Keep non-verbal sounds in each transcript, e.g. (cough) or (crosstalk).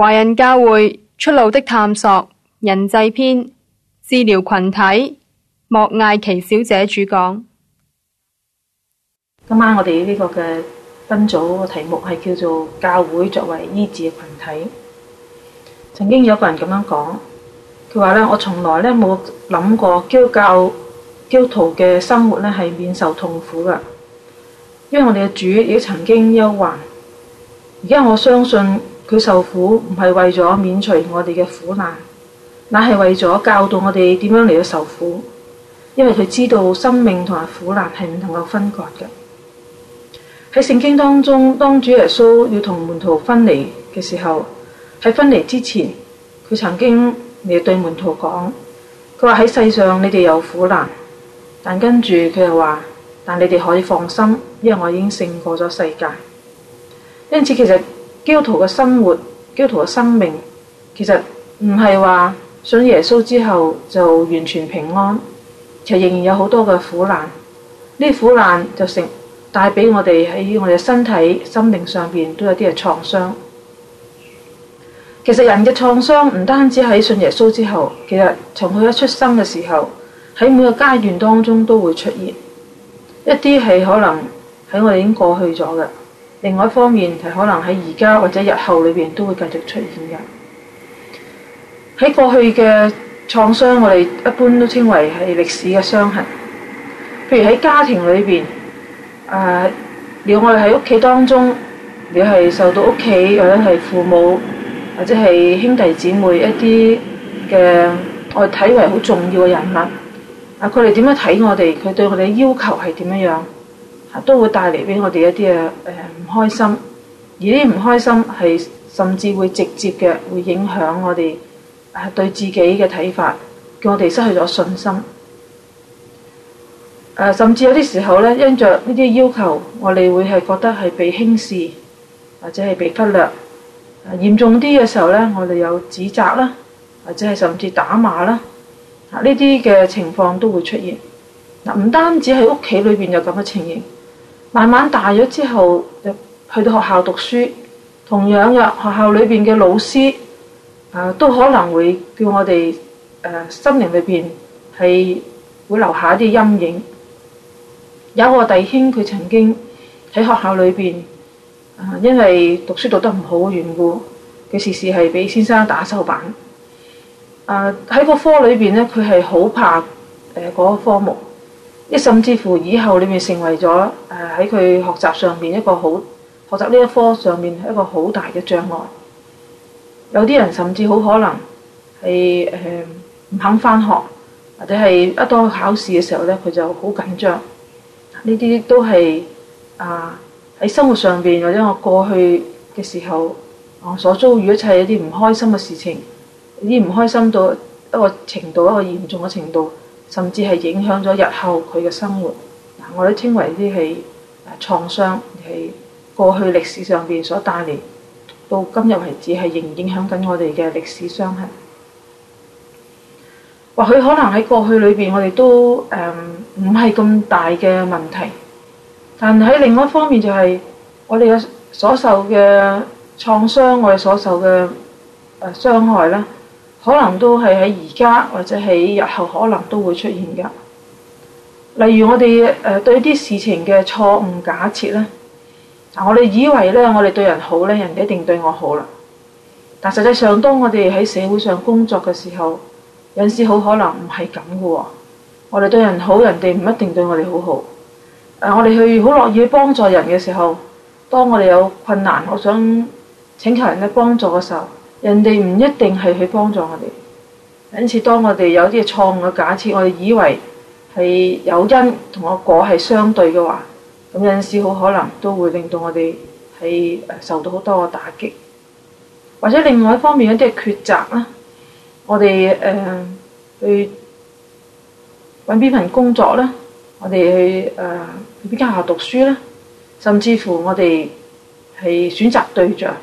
華人教會出路的探索，人際篇，治療群體，莫艾奇小姐主講。今晚我哋呢個嘅分組嘅題目係叫做教會作為醫治嘅群體。曾經有個人咁樣講，佢話咧，我從來咧冇諗過焦教焦徒嘅生活咧係免受痛苦嘅，因為我哋嘅主亦曾經憂患。而家我相信。佢受苦唔係為咗免除我哋嘅苦難，乃係為咗教導我哋點樣嚟去受苦。因為佢知道生命同埋苦難係唔能夠分割嘅。喺聖經當中，當主耶穌要同門徒分離嘅時候，喺分離之前，佢曾經亦對門徒講：佢話喺世上你哋有苦難，但跟住佢又話：但你哋可以放心，因為我已經勝過咗世界。因此，其實。基督徒嘅生活，基督徒嘅生命，其實唔係話信耶穌之後就完全平安，其實仍然有好多嘅苦難。呢苦難就成帶俾我哋喺我哋嘅身體、心靈上邊都有啲嘅創傷。其實人嘅創傷唔單止喺信耶穌之後，其實從佢一出生嘅時候，喺每個階段當中都會出現。一啲係可能喺我哋已經過去咗嘅。另外一方面係可能喺而家或者日後裏邊都會繼續出現嘅。喺過去嘅創傷，我哋一般都稱為係歷史嘅傷痕。譬如喺家庭裏邊，啊、呃，你我哋喺屋企當中，你係受到屋企或者係父母，或者係兄弟姊妹一啲嘅，我哋睇為好重要嘅人物。啊，佢哋點樣睇我哋？佢對我哋要求係點樣樣？都會帶嚟俾我哋一啲嘅誒唔開心，而呢啲唔開心係甚至會直接嘅會影響我哋啊對自己嘅睇法，叫我哋失去咗信心。誒、啊，甚至有啲時候咧，因着呢啲要求，我哋會係覺得係被輕視，或者係被忽略。啊、嚴重啲嘅時候咧，我哋有指責啦，或者係甚至打罵啦。啊，呢啲嘅情況都會出現。嗱、啊，唔單止喺屋企裏邊有咁嘅情形。慢慢大咗之後，去到學校讀書，同樣嘅學校裏邊嘅老師，啊、呃，都可能會叫我哋，誒、呃，心靈裏邊係會留下一啲陰影。有一個弟兄，佢曾經喺學校裏邊，啊、呃，因為讀書讀得唔好嘅緣故，佢時時係俾先生打手板。啊、呃，喺個科裏邊咧，佢係好怕誒嗰、呃那個科目。甚至乎以後你咪成為咗誒喺佢學習上面一個好學習呢一科上面一個好大嘅障礙。有啲人甚至好可能係誒唔肯返學，或者係一到考試嘅時候咧，佢就好緊張。呢啲都係啊喺生活上邊，或者我過去嘅時候，我所遭遇一切一啲唔開心嘅事情，呢啲唔開心到一個程度，一個嚴重嘅程度。甚至係影響咗日後佢嘅生活，嗱我都稱為啲係誒創傷，係過去歷史上邊所帶嚟到今日為止係仍然影響緊我哋嘅歷史傷痕。或許可能喺過去裏邊我哋都唔係咁大嘅問題，但喺另一方面就係我哋嘅所受嘅創傷，我哋所受嘅誒傷害啦。可能都係喺而家或者喺日後可能都會出現嘅。例如我哋誒對啲事情嘅錯誤假設咧，嗱我哋以為咧我哋對人好咧，人哋一定對我好啦。但實際上當我哋喺社會上工作嘅時候，有時好可能唔係咁嘅喎。我哋對人好，人哋唔一定對我哋好好。誒我哋去好樂意去幫助人嘅時候，當我哋有困難，我想請求人嘅幫助嘅時候。人哋唔一定係去幫助我哋，因此當我哋有啲錯誤嘅假設，我哋以為係有因同個果係相對嘅話，咁有陣時好可能都會令到我哋係受到好多嘅打擊，或者另外一方面有啲抉擇啦，我哋誒、呃、去揾邊份工作啦，我哋去誒邊間學校讀書啦，甚至乎我哋係選擇對象。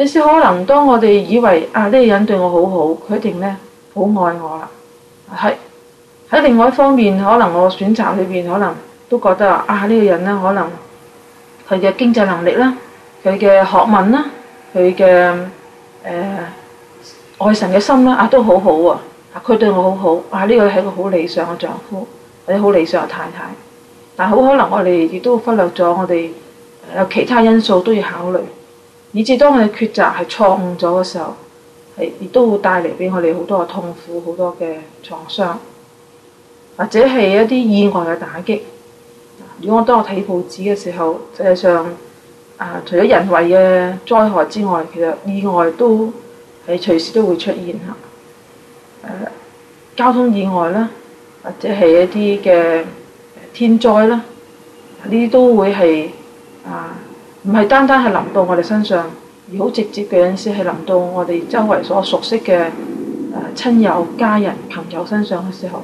你先可能，當我哋以為啊呢個人對我好好，佢一定咧好愛我啦。係喺另外一方面，可能我選擇裏邊，可能都覺得啊，呢個人咧可能佢嘅經濟能力啦，佢嘅學問啦，佢嘅誒愛神嘅心啦，啊都好好啊，佢對我好好，啊呢個係個好理想嘅丈夫或者好理想嘅太太，但好可能我哋亦都忽略咗我哋有其他因素都要考慮。以至當我哋抉擇係錯誤咗嘅時候，係亦都會帶嚟俾我哋好多嘅痛苦、好多嘅創傷，或者係一啲意外嘅打擊。如果我當我睇報紙嘅時候，實際上啊、呃，除咗人為嘅災害之外，其實意外都係隨時都會出現嚇、呃。交通意外啦，或者係一啲嘅天災啦，呢啲都會係啊。呃唔係單單係臨到我哋身上，而好直接嘅有陣時係臨到我哋周圍所熟悉嘅誒親友、家人、朋友身上嘅時候，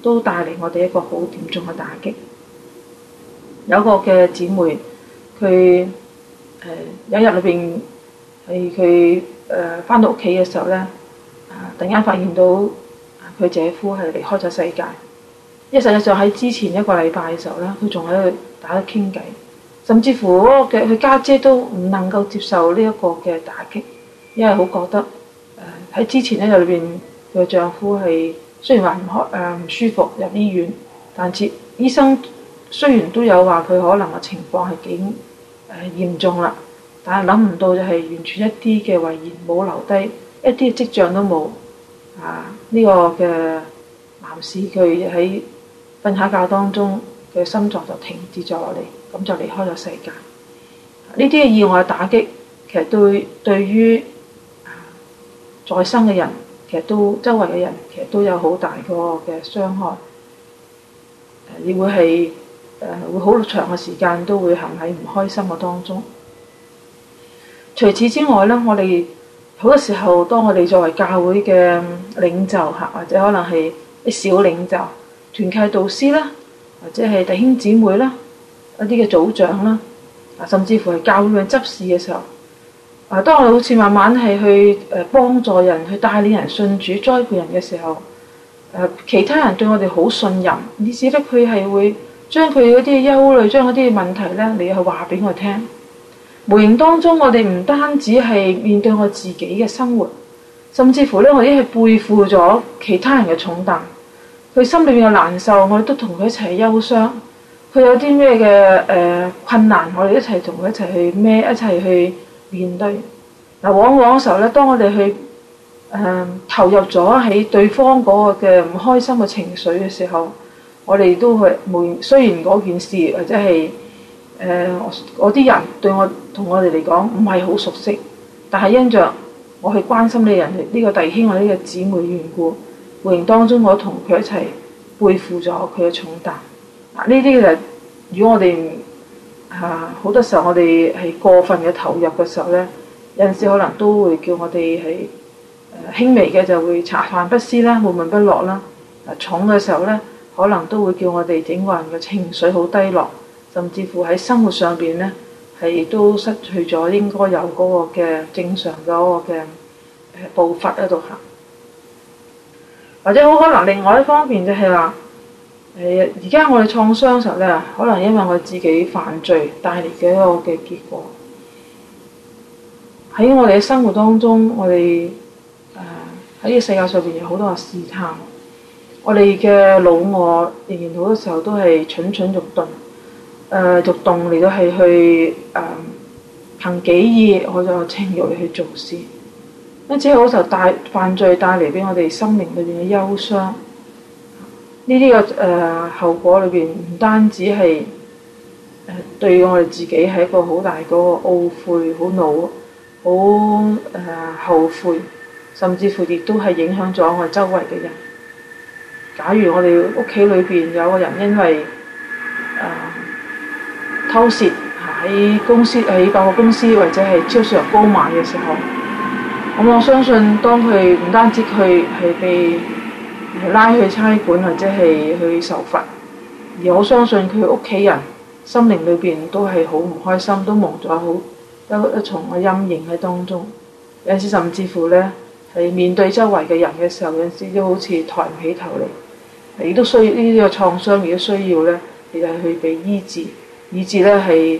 都帶嚟我哋一個好嚴重嘅打擊。有一個嘅姊妹，佢誒有一日裏邊係佢誒翻到屋企嘅時候咧，啊，突然間發現到佢姐夫係離開咗世界。因為實際上喺之前一個禮拜嘅時候咧，佢仲喺度打緊傾偈。甚至乎佢家姐，姐都唔能夠接受呢一個嘅打擊，因為好覺得喺、呃、之前呢，就裏面佢嘅丈夫係雖然話唔、呃、舒服入醫院，但係醫生雖然都有話佢可能嘅情況係幾誒嚴重啦，但係諗唔到就係完全一啲嘅遺言冇留低，一啲跡象都冇啊！呢、這個嘅男士佢喺瞓下覺當中。佢心臟就停止咗落嚟，咁就離開咗世界。呢啲意外嘅打擊，其實對對於在生嘅人，其實都周圍嘅人，其實都有好大個嘅傷害。誒、啊，你會係誒、呃、會好長嘅時間都會陷喺唔開心嘅當中。除此之外咧，我哋好多時候，當我哋作為教會嘅領袖嚇，或者可能係啲小領袖、團契導師啦。或者係弟兄姊妹啦，一啲嘅組長啦，啊，甚至乎係教會嘅執事嘅時候，啊，當我哋好似慢慢係去誒幫、呃、助人、去帶領人信主、栽培人嘅時候，誒、啊、其他人對我哋好信任，以至得佢係會將佢嗰啲憂慮、將嗰啲問題咧，你去話俾我聽。無形當中，我哋唔單止係面對我自己嘅生活，甚至乎咧，我已經係背負咗其他人嘅重擔。佢心裏面嘅難受，我哋都同佢一齊憂傷。佢有啲咩嘅誒困難，我哋一齊同佢一齊去孭，一齊去面對。嗱、啊，往往嘅時候咧，當我哋去誒、呃、投入咗喺對方嗰個嘅唔開心嘅情緒嘅時候，我哋都會每雖然嗰件事或者係誒啲人對我同我哋嚟講唔係好熟悉，但係因着我去關心呢人呢、呢個弟兄或者姊妹緣故。過程當中，我同佢一齊背負咗佢嘅重擔。呢啲就，如果我哋，啊，好多時候，我哋係過分嘅投入嘅時候呢，有陣時可能都會叫我哋係輕微嘅就會茶飯不思啦，悶悶不樂啦、啊。重嘅時候呢，可能都會叫我哋整個人嘅情緒好低落，甚至乎喺生活上邊呢，係都失去咗應該有嗰個嘅正常嗰、嗰個嘅步伐喺度行。或者好可能另外一方面就係話，誒而家，我哋創傷時候咧，可能因為我自己犯罪帶嚟嘅一個嘅結果。喺我哋嘅生活當中，我哋誒喺呢個世界上邊有好多嘅試探，我哋嘅老我仍然好多時候都係蠢蠢欲動，誒、呃、欲動嚟到係去誒憑己意我就情慾去做事。因此，我就帶犯罪帶嚟畀我哋心靈裏面嘅憂傷，呢啲嘅誒後果裏面唔單止係誒、呃、對我哋自己係一個好大個懊悔、好怒、好誒、呃、後悔，甚至乎亦都係影響咗我哋周圍嘅人。假如我哋屋企裏邊有個人因為誒、呃、偷竊喺公司喺百貨公司，公司或者係超市入高買嘅時候。咁我相信，當佢唔單止佢係被拉去差館，或者係去受罰，而我相信佢屋企人心靈裏邊都係好唔開心，都蒙咗好一一重嘅陰影喺當中。有時甚至乎咧，係面對周圍嘅人嘅時候，有時都好似抬唔起頭嚟。你都，呢個都需要呢啲嘅創傷，亦都需要咧，你就係去被醫治，以至咧係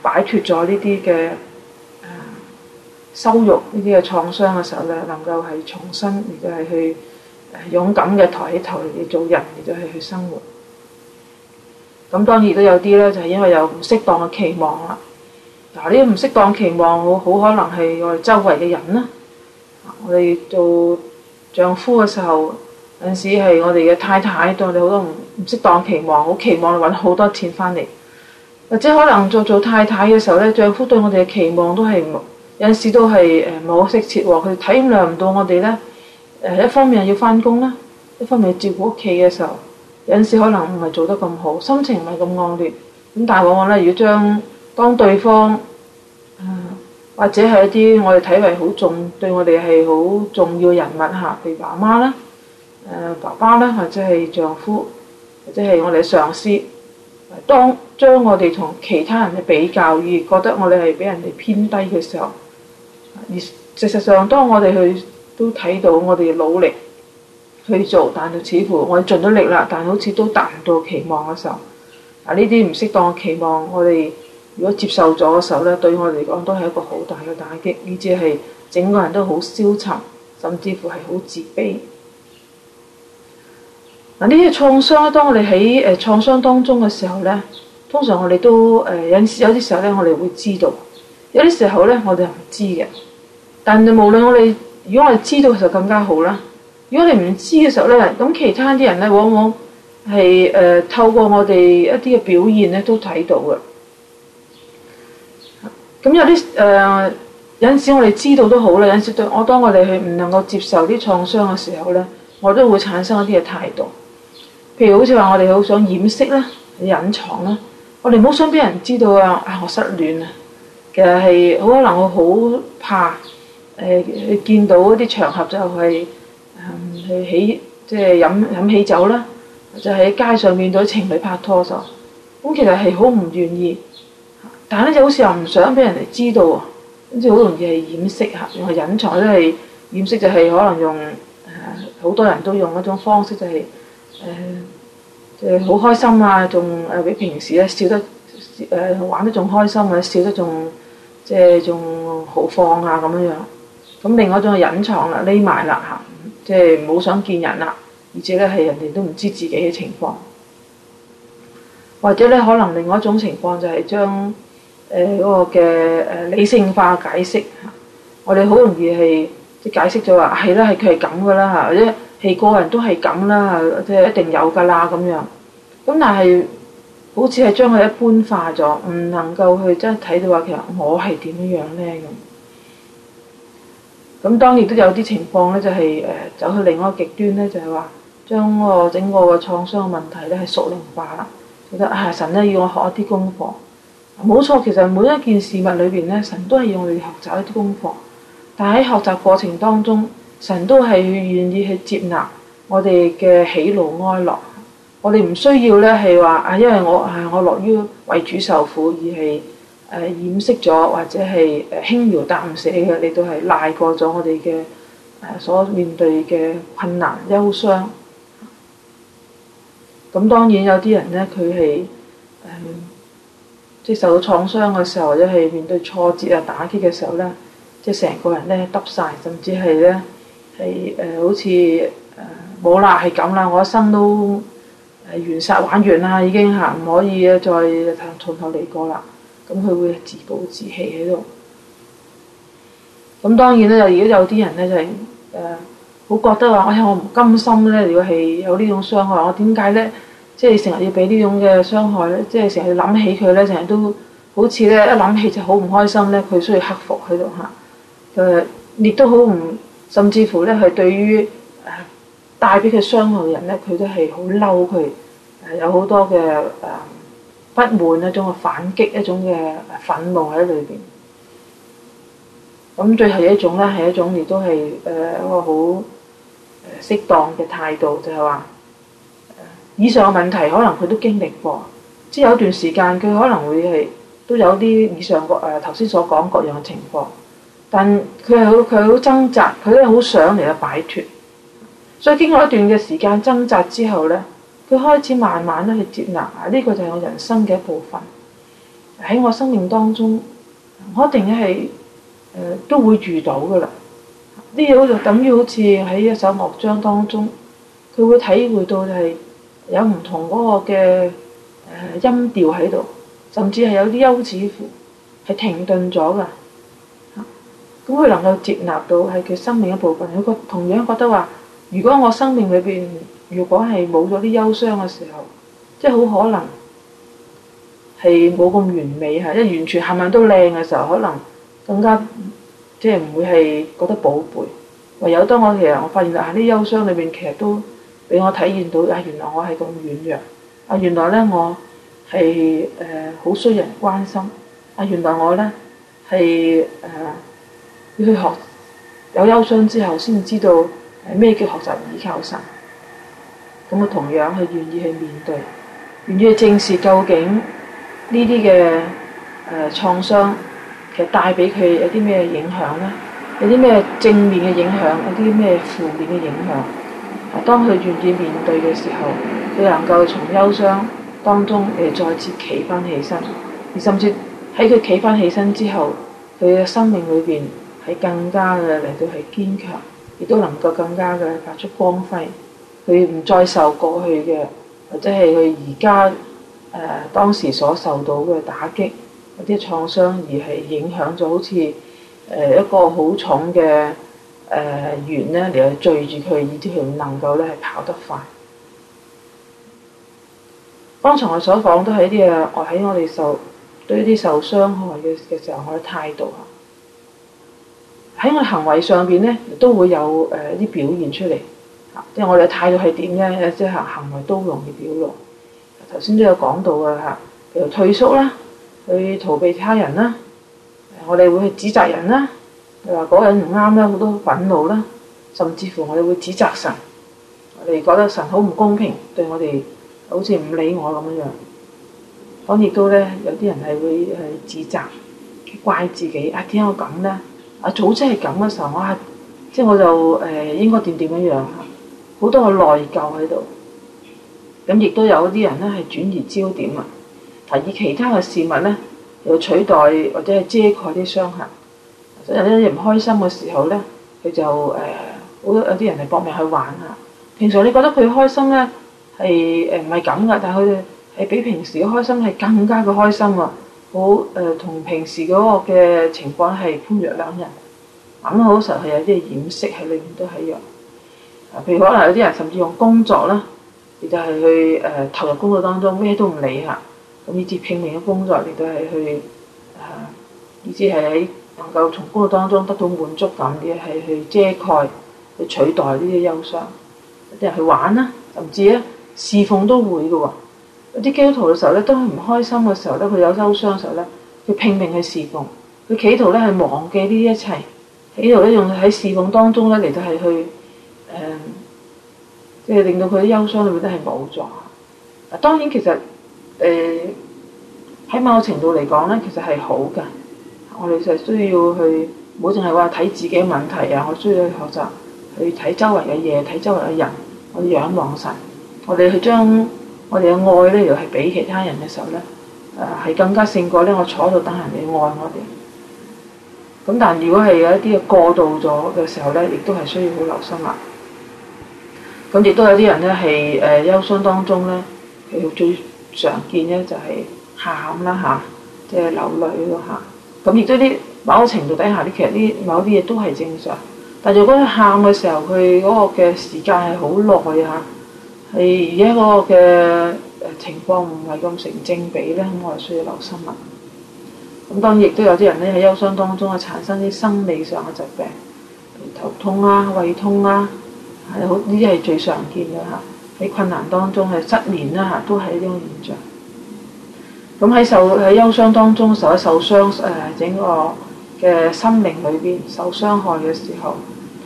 擺脫咗呢啲嘅。羞辱呢啲嘅創傷嘅時候咧，能夠係重新，亦都係去勇敢嘅抬起頭嚟做人，亦都係去生活。咁當然都有啲咧，就係因為有唔適當嘅期望啦。嗱，呢啲唔適當期望，好可能係我哋周圍嘅人啦。我哋做丈夫嘅時候，有陣時係我哋嘅太太對我哋好多唔唔適當期望，好期望揾好多錢翻嚟。或者可能做做太太嘅時候咧，丈夫對我哋嘅期望都係。有陣時都係誒冇識切和佢體諒唔到我哋呢，誒一方面要返工啦，一方面照顧屋企嘅時候，有陣時可能唔係做得咁好，心情唔係咁安寧。咁但係往往呢，如果將當對方，誒或者係一啲我哋睇為好重對我哋係好重要人物嚇，譬如媽媽啦、誒爸爸啦，或者係、呃、丈夫，或者係我哋嘅上司，當將我哋同其他人去比較而覺得我哋係畀人哋偏低嘅時候。而事實上，當我哋去都睇到我哋努力去做，但係似乎我哋盡咗力啦，但係好似都達唔到期望嘅時候，嗱呢啲唔適當嘅期望，我哋如果接受咗嘅時候呢，對我嚟講都係一個好大嘅打擊，以至係整個人都好消沉，甚至乎係好自卑。嗱呢啲創傷咧，當我哋喺誒創傷當中嘅時候呢，通常我哋都誒有有啲時候呢，我哋會知道；有啲時候呢，我哋係唔知嘅。但係無論我哋，如果我哋知道就更加好啦。如果你唔知嘅時候呢，咁其他啲人呢，往往係誒透過我哋一啲嘅表現呢，都睇到嘅。咁有啲誒有陣時我哋知道都好啦。有陣時對我，當我哋去唔能夠接受啲創傷嘅時候呢，我都會產生一啲嘅態度。譬如好似話我哋好想掩飾啦、隱藏啦，我哋唔好想俾人知道啊！啊、哎，我失戀啊，其實係好可能我好怕。誒、呃、見到一啲場合就係誒去喜即係飲飲飲喜酒啦，就喺街上見到情侶拍拖咁，其實係好唔願意，但係咧好似又唔想俾人哋知道，即係好容易係掩飾吓，用隱藏即係掩飾，就係可能用誒好、呃、多人都用一種方式就係誒即係好開心啊，仲誒比平時咧笑得誒、呃、玩得仲開心啊，笑得仲即係仲豪放啊咁樣樣。咁另外一種係隱藏啦，匿埋啦嚇，即係冇想見人啦，而且呢係人哋都唔知自己嘅情況，或者呢，可能另外一種情況就係將誒嗰個嘅誒理性化解釋，我哋好容易係即解釋咗話係啦，係佢係咁噶啦，或者係個人都係咁啦，即係一定有噶啦咁樣。咁但係好似係將佢一般化咗，唔能夠去即係睇到話其實我係點樣樣呢咁。咁當然都有啲情況呢，就是，就係誒走去另外一個極端呢，就係話將個整個嘅創傷嘅問題呢係屬靈化啦。覺得啊神呢要我學一啲功課，冇錯，其實每一件事物裏邊呢，神都係要我哋學習一啲功課。但喺學習過程當中，神都係願意去接納我哋嘅喜怒哀樂。我哋唔需要呢，係話啊，因為我啊我樂於為主受苦而係。誒掩飾咗，或者係誒輕描淡寫嘅，你都係賴過咗我哋嘅誒所面對嘅困難、憂傷。咁當然有啲人呢，佢係誒即受到創傷嘅時候，或者係面對挫折啊、打擊嘅時候呢，即成個人呢，耷晒，甚至係呢，係誒、呃、好似誒冇啦，係咁啦，我一生都誒完殺玩完啦，已經係唔可以再從頭嚟過啦。咁佢會自暴自棄喺度，咁當然呢，就如果有啲人呢，就係、是、誒，好、呃、覺得話、哎、我我唔甘心呢。如果係有呢種傷害，我點解呢？即係成日要俾呢種嘅傷害呢，即係成日要諗起佢呢，成日都好似呢，一諗起就好唔開心呢。佢需要克服喺度吓，亦都好唔，甚至乎呢，係對於誒帶俾佢傷害嘅人呢，佢都係好嬲佢，有好多嘅誒。呃不滿，一種嘅反擊，一種嘅憤怒喺裏面。咁最後一種呢，係一種亦都係誒一個好適當嘅態度，就係話以上嘅問題可能佢都經歷過，之後一段時間佢可能會係都有啲以上個誒頭先所講各樣嘅情況，但佢係佢好掙扎，佢都好想嚟啊擺脫。所以經過一段嘅時間掙扎之後呢。佢開始慢慢咧去接納，呢、這個就係我人生嘅一部分，喺我生命當中，我一定係、呃、都會遇到噶啦。呢嘢就等於好似喺一首樂章當中，佢會體會到係、就是、有唔同嗰個嘅、呃、音調喺度，甚至係有啲休止符係停頓咗噶。咁、啊、佢能夠接納到係佢生命一部分，佢覺同樣覺得話，如果我生命裏邊，如果係冇咗啲憂傷嘅時候，即係好可能係冇咁完美嚇，因為完全冚唪唥都靚嘅時候，可能更加即係唔會係覺得寶貝。唯有當我其實我發現啦，喺啲憂傷裏面其實都俾我體現到啊，原來我係咁軟弱啊，原來咧我係誒好需要人關心啊，原來我咧係誒要去學有憂傷之後，先知道咩叫學習依靠神。咁啊，同樣係願意去面對，願意去正視究竟呢啲嘅誒創傷，其實帶俾佢有啲咩影響咧？有啲咩正面嘅影響，有啲咩負面嘅影響？啊，當佢願意面對嘅時候，佢能夠從憂傷當中誒再次企翻起身，而甚至喺佢企翻起身之後，佢嘅生命裏邊係更加嘅嚟到係堅強，亦都能夠更加嘅發出光輝。佢唔再受過去嘅，或者係佢而家誒當時所受到嘅打擊或者創傷，而係影響咗好似誒一個好重嘅誒鉛咧嚟聚住佢，以至佢唔能夠呢，係跑得快。剛才我所講都係一啲我喺我哋受對呢啲受傷害嘅嘅時候，我嘅態度啊，喺我行為上邊咧都會有誒一啲表現出嚟。即係我哋態度係點呢？即係行為都容易表露。頭先都有講到嘅嚇，譬如退縮啦，去逃避他人啦，我哋會去指責人啦。你話嗰人唔啱啦，好多憤怒啦，甚至乎我哋會指責神。我哋覺得神好唔公平，對我哋好似唔理我咁樣。反而都呢，有啲人係會去指責、怪自己。啊，點解我咁呢？啊，早知係咁嘅時候，我哇！即係我就誒、呃、應該點點樣樣。好多嘅內疚喺度，咁亦都有啲人呢係轉移焦點啊，以其他嘅事物呢，又取代或者係遮蓋啲傷痕。所以有啲人唔開心嘅時候呢，佢就誒好多有啲人係搏命去玩下。平常你覺得佢開心呢，係誒唔係咁噶，但係佢係比平時嘅開心係更加嘅開心啊！好誒，同、呃、平時嗰個嘅情況係判若兩人。咁好實係有啲掩飾喺裏面都係有。譬如可能有啲人甚至用工作啦，亦就係去誒、呃、投入工作當中，咩都唔理吓，咁以致拼命嘅工作，亦都係去啊，以致係能夠從工作當中得到滿足感嘅，係去遮蓋、去取代呢啲憂傷。有啲人去玩啦，甚至咧侍奉都會㗎喎。有啲基督徒嘅時候咧，當佢唔開心嘅時候咧，佢有憂傷嘅時候咧，佢拼命去侍奉，佢企圖咧係忘記呢啲一切，企圖咧用喺侍奉當中咧嚟到係去。即係、嗯就是、令到佢啲憂傷裏面都係冇咗。嗱，當然其實誒，喺、呃、某程度嚟講呢，其實係好嘅。我哋就係需要去，唔好淨係話睇自己嘅問題啊！我需要去學習，去睇周圍嘅嘢，睇周圍嘅人。我哋仰望神，我哋去將我哋嘅愛呢，又係俾其他人嘅時候呢，誒係更加勝過呢。我坐喺度等人哋愛我哋。咁但係如果係有一啲過度咗嘅時候呢，亦都係需要好留心啦。咁亦都有啲人呢，係誒憂傷當中呢，誒最常見呢就係喊啦嚇，即係流淚咯嚇。咁亦都啲某程度底下啲，其實啲某啲嘢都係正常。但係如果佢喊嘅時候，佢嗰個嘅時間係好耐嚇，係而家嗰個嘅誒情況唔係咁成正比咧，我係需要留心啊。咁當然亦都有啲人呢，喺憂傷當中啊產生啲生，生理上嘅疾病，頭痛啊、胃痛啊。係好，呢啲係最常見嘅嚇。喺困難當中係失眠啦都係一種現象。咁喺受喺憂傷當中，受一受傷誒、呃、整個嘅心靈裏邊受傷害嘅時候，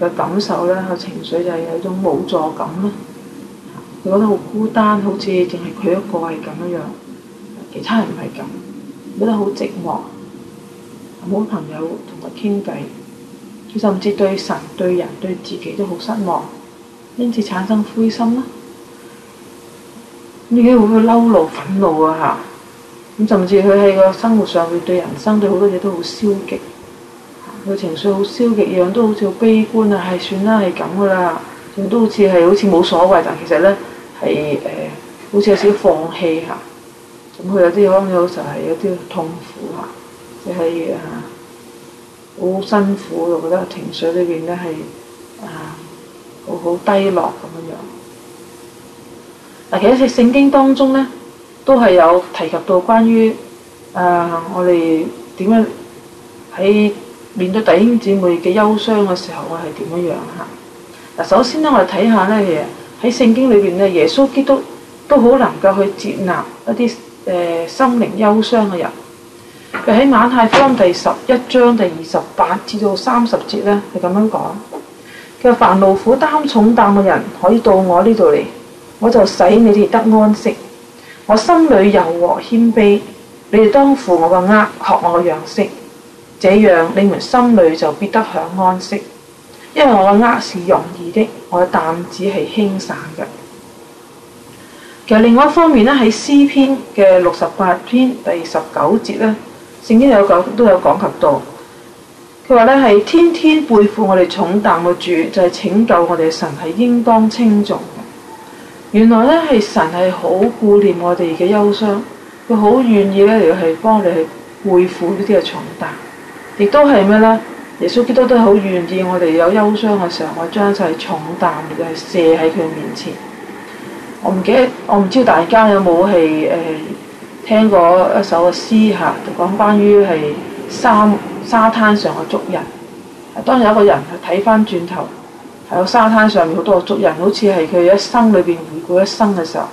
佢嘅感受咧，個情緒就係有一種無助感啦。佢覺得好孤單，好似淨係佢一個係咁樣樣，其他人唔係咁，覺得好寂寞，冇朋友同佢傾偈。佢甚至對神、對人、對自己都好失望。因此產生灰心啦，呢啲會唔會嬲怒、憤怒啊？嚇！咁甚至佢喺個生活上，面對人生對好多嘢都好消極，佢情緒好消極，樣都好似好悲觀啊！係算啦，係咁噶啦，都好似係好似冇所謂，但其實呢，係誒，好似有少少放棄下。咁佢有啲可能有時候係有啲痛苦嚇，即係嚇，好、啊、辛苦，我覺得情緒呢邊呢，係啊～好好低落咁樣樣，嗱，其實喺聖經當中呢，都係有提及到關於誒、呃、我哋點樣喺面對弟兄姊妹嘅憂傷嘅時候，我係點樣樣吓。嗱，首先呢，我哋睇下呢，嘢，喺聖經裏邊呢，耶穌基督都好能夠去接納一啲誒、呃、心靈憂傷嘅人。佢喺馬太福音第十一章第二十八至到三十節呢，係咁樣講。凡勞苦擔重擔嘅人可以到我呢度嚟，我就使你哋得安息。我心裏柔和謙卑，你哋當負我嘅軛，學我嘅樣式，這樣你們心裏就必得享安息。因為我嘅軛是容易的，我嘅擔子係輕省嘅。其實另外一方面呢，喺詩篇嘅六十八篇第十九節呢，聖經有講都有講及到。佢話呢，係天天背負我哋重擔嘅主，就係、是、拯救我哋嘅神，係應當稱頌嘅。原來呢，係神係好顧念我哋嘅憂傷，佢好願意呢又係幫我哋去背負呢啲嘅重擔，亦都係咩呢？耶穌基督都好願意我哋有憂傷嘅時候，我將曬重擔嘅嘅卸喺佢面前。我唔記得，我唔知大家有冇係誒聽過一首嘅詩嚇，講關於係三。沙灘上嘅足印，當然有一個人睇翻轉頭，喺沙灘上面好多嘅足印，好似係佢一生裏邊回顧一生嘅時候，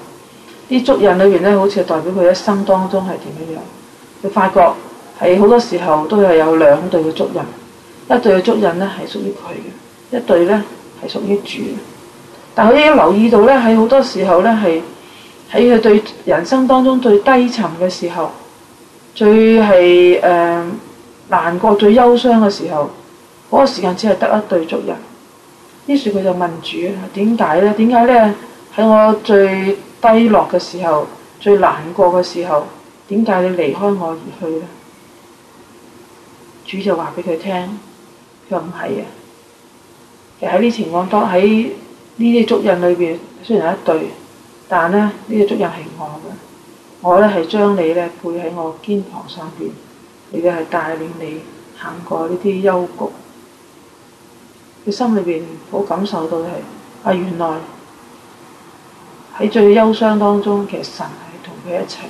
啲足印裏邊咧，好似代表佢一生當中係點樣樣。你發覺喺好多時候都係有兩對嘅足印。一對嘅足印咧係屬於佢嘅，一對咧係屬於主嘅。但佢已經留意到咧，喺好多時候咧係喺佢對人生當中最低沉嘅時候，最係誒，呃難過最憂傷嘅時候，嗰個時間只係得一對足印，於是佢就問主：點解呢？點解呢？喺我最低落嘅時候，最難過嘅時候，點解你離開我而去呢？」主就話俾佢聽：佢唔係啊，其實喺呢情況當喺呢啲足印裏邊，雖然係一對，但呢呢啲足印係我嘅，我呢係將你呢背喺我肩膀上邊。你哋係帶領你行過呢啲幽谷，佢心裏邊好感受到係啊，原來喺最憂傷當中，其實神係同佢一齊，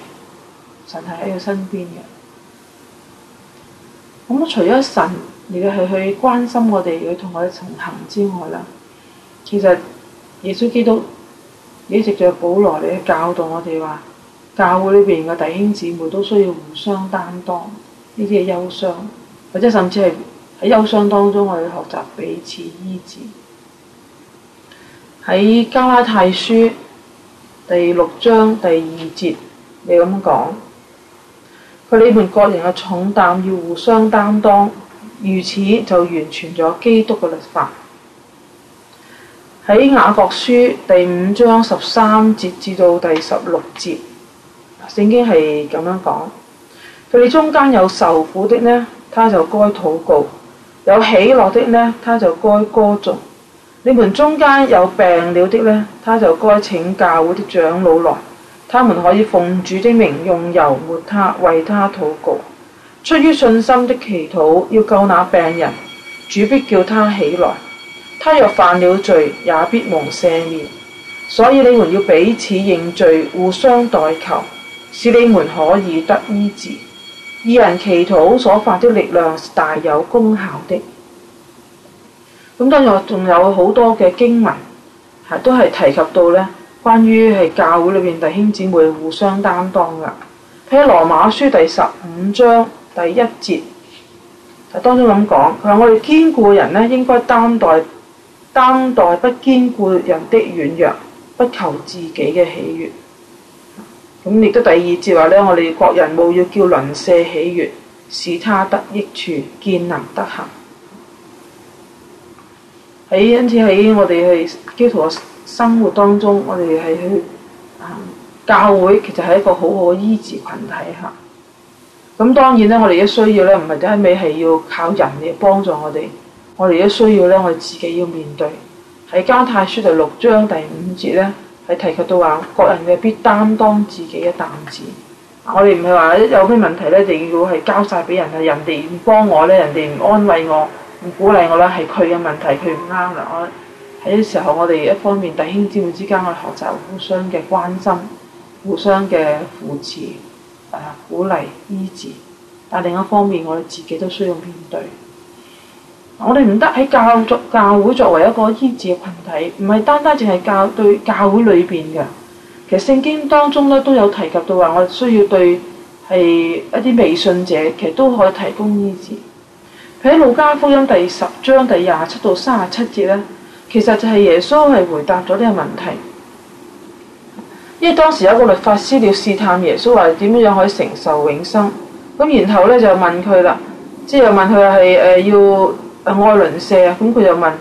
神係喺佢身邊嘅。咁除咗神，你哋係去關心我哋，去同我哋同行之外啦，其實耶穌基督一直着保羅嚟教導我哋話，教會裏邊嘅弟兄姊妹都需要互相擔當。呢啲嘅憂傷，或者甚至係喺憂傷當中，我哋學習彼此醫治。喺加拉太書第六章第二節，你咁講，佢你們各人嘅重擔要互相擔當，如此就完全咗基督嘅律法。喺雅各書第五章十三節至到第十六節，聖經係咁樣講。佢哋中間有受苦的呢，他就該禱告；有喜樂的呢，他就該歌頌。你們中間有病了的呢，他就該請教會的長老來，他們可以奉主的名用油抹他，為他禱告。出於信心的祈禱，要救那病人，主必叫他起來。他若犯了罪，也必蒙赦免。所以你們要彼此認罪，互相代求，使你們可以得醫治。二人祈禱所發的力量是大有功效的。咁當然仲有好多嘅經文都係提及到咧，關於係教會裏面弟兄姊妹互相擔當噶。喺羅馬書第十五章第一節，就當中咁講，佢話我哋堅固人咧，應該擔待擔待不堅固人的軟弱，不求自己嘅喜悦。咁亦都第二節話咧，我哋國人務要叫鄰舍喜悅，使他得益處，見能得行。喺因此喺我哋喺基督徒生活當中，我哋係去教會，其實係一個好好嘅醫治群體嚇。咁當然咧，我哋嘅需要咧，唔係第一味係要靠人嚟幫助我哋。我哋嘅需要咧，我哋自己要面對。喺加拉太書第六章第五節咧。係提及到話，個人未必擔當自己嘅擔子。我哋唔係話有咩問題咧，就要係交晒俾人啊！人哋唔幫我咧，人哋唔安慰我、唔鼓勵我咧，係佢嘅問題，佢唔啱啦。我喺時候，我哋一方面弟兄姊妹之間嘅學習互相嘅關心、互相嘅扶持、誒鼓勵、醫治，但另一方面，我哋自己都需要面對。我哋唔得喺教作教會作為一個醫治嘅群體，唔係單單淨係教對教會裏邊嘅。其實聖經當中咧都有提及到話，我哋需要對係一啲未信者，其實都可以提供醫治。喺《路加福音》第十章第廿七到三十七節咧，其實就係耶穌係回答咗呢個問題，因為當時有一個律法師要試探耶穌，話你點樣樣可以承受永生。咁然後咧就問佢啦，之後問佢係誒，要。我鄰舍啊！咁佢就問：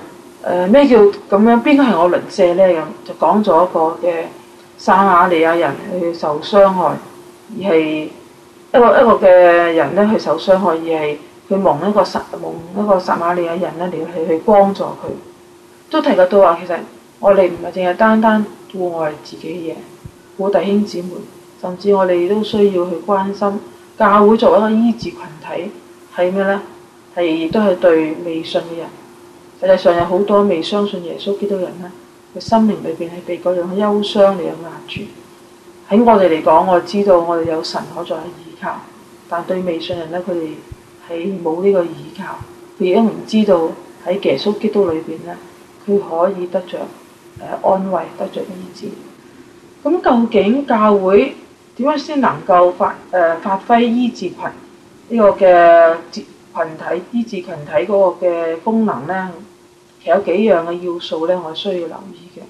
咩、呃、叫咁樣？邊個係我鄰舍呢？」咁就講咗一個嘅撒瑪利亞人去受傷害，而係一個一個嘅人呢去受傷害，而係佢望一個撒望一個撒瑪利亞人呢，你要去幫助佢。都提及到話，其實我哋唔係淨係單單顧愛自己嘅嘢，顧弟兄姊妹，甚至我哋都需要去關心教會作為一個醫治群體係咩呢？係亦都係對未信嘅人，實際上有好多未相信耶穌基督人呢，佢心靈裏邊係被嗰種憂傷嚟壓住。喺我哋嚟講，我知道我哋有神可在依靠，但對未信人呢，佢哋係冇呢個依靠，佢亦都唔知道喺耶穌基督裏邊呢，佢可以得着誒安慰、得着醫治。咁究竟教會點樣先能夠發誒、呃、發揮醫治羣呢、呢個嘅？群體醫治群體嗰個嘅功能呢，其實，有幾樣嘅要素呢，我需要留意嘅。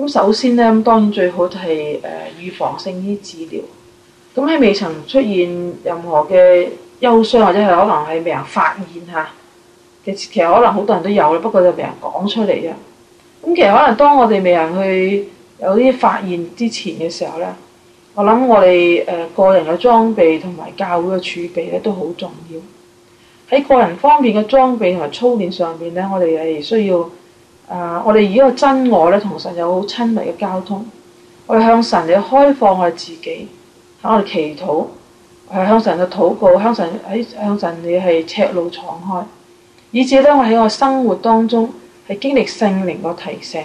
咁首先呢，當然最好就係誒預防性醫治療。咁喺未曾出現任何嘅憂傷，或者係可能係未人發現嚇，其實可能好多人都有啦，不過就未人講出嚟嘅。咁其實可能當我哋未人去有啲發現之前嘅時候呢，我諗我哋誒個人嘅裝備同埋教會嘅儲備呢都好重要。喺個人方面嘅裝備同埋操練上面，咧，我哋係需要啊、呃！我哋而家個真我咧，同神有好親密嘅交通。我哋向神嘅開放我哋自己，喺我哋祈禱，係向神嘅禱告，向神喺向神，你係赤露敞開。以至咧，我喺我生活當中係經歷聖靈個提醒，